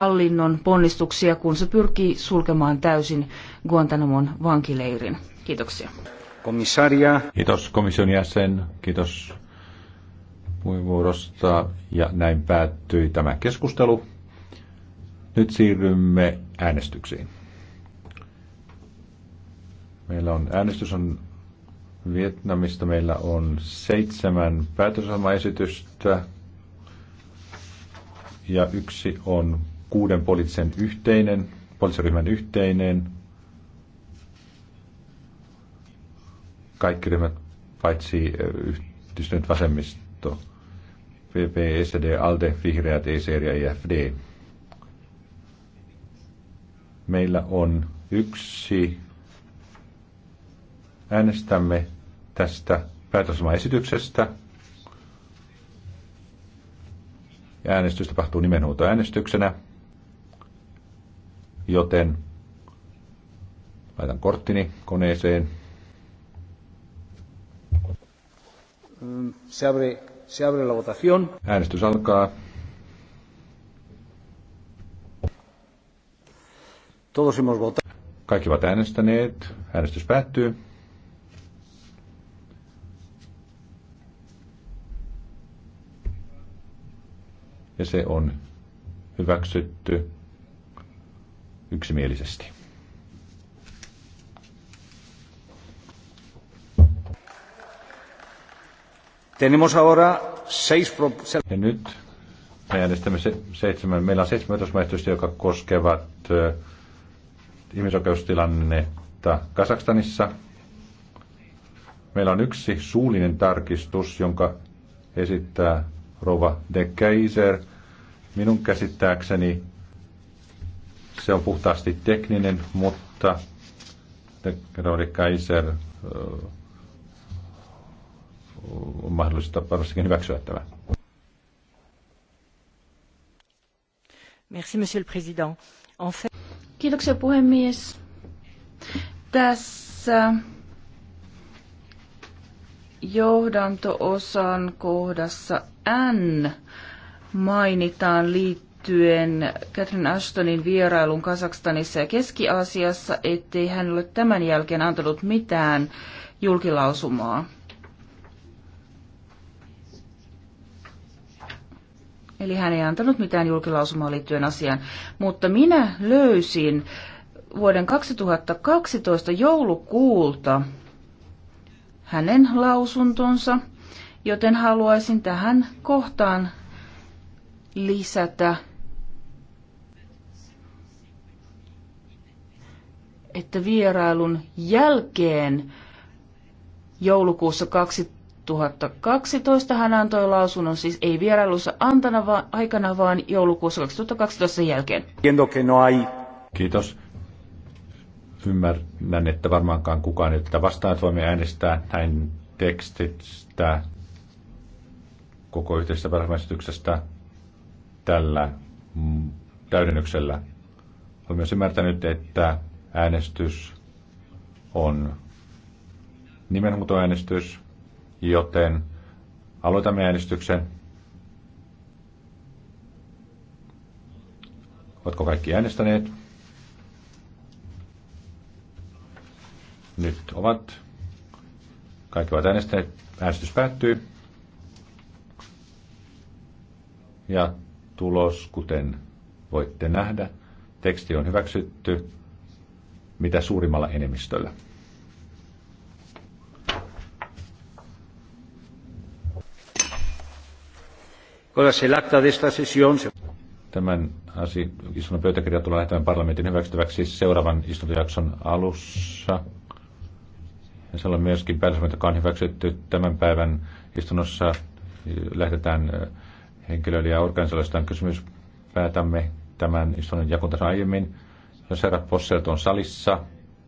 hallinnon ponnistuksia, kun se pyrkii sulkemaan täysin Guantanamon vankileirin. Kiitoksia. Komissaria. Kiitos komission jäsen, kiitos puheenvuorosta ja näin päättyi tämä keskustelu. Nyt siirrymme äänestyksiin. Meillä on äänestys on Vietnamista. Meillä on seitsemän päätösasemaesitystä ja yksi on kuuden poliittisen yhteinen, poliisiryhmän yhteinen. Kaikki ryhmät paitsi yhdistynyt vasemmisto, PP, SD, e, ALDE, Vihreät, ECR ja IFD. E, Meillä on yksi. Äänestämme tästä päätösmaesityksestä. Äänestys tapahtuu nimenhuutoäänestyksenä joten laitan korttini koneeseen. Mm, se abre, se abre la votación. Äänestys alkaa. Todos hemos votado. Kaikki ovat äänestäneet. Äänestys päättyy. Ja se on hyväksytty yksimielisesti. Tenemos ahora seis ja nyt me äänestämme se, seitsemän. Meillä on seitsemän vaihtoehtoista, jotka koskevat ö, ihmisoikeustilannetta Kazakstanissa. Meillä on yksi suullinen tarkistus, jonka esittää Rova de Keiser. Minun käsittääkseni se on puhtaasti tekninen, mutta Roodi Kaiser on mahdollista varmastikin hyväksyä tämä. Merci, monsieur le président. En fait... Kiitoksia puhemies. Tässä johdanto-osan kohdassa N mainitaan liittyen liittyen Catherine Ashtonin vierailun Kazakstanissa ja Keski-Aasiassa, ettei hän ole tämän jälkeen antanut mitään julkilausumaa. Eli hän ei antanut mitään julkilausumaa liittyen asiaan. Mutta minä löysin vuoden 2012 joulukuulta hänen lausuntonsa, joten haluaisin tähän kohtaan lisätä että vierailun jälkeen joulukuussa 2012 hän antoi lausunnon, siis ei vierailussa antana vaan, aikana, vaan joulukuussa 2012 jälkeen. No Kiitos. Ymmärrän, että varmaankaan kukaan ei tätä vastaan voimme äänestää näin tekstistä koko yhteisestä varhaisesityksestä tällä täydennyksellä. Olen myös ymmärtänyt, että äänestys on nimenhuutoäänestys, joten aloitamme äänestyksen. Oletko kaikki äänestäneet? Nyt ovat. Kaikki ovat äänestäneet. Äänestys päättyy. Ja tulos, kuten voitte nähdä, teksti on hyväksytty mitä suurimmalla enemmistöllä. Tämän asian pöytäkirja tulee lähettämään parlamentin hyväksyttäväksi seuraavan istuntojakson alussa. Ja siellä on myöskin päätösmä, joka on hyväksytty tämän päivän istunnossa. Lähetetään henkilöille ja organisaatioista kysymys. Päätämme tämän istunnon jakon aiemmin. Jos Posselt on salissa,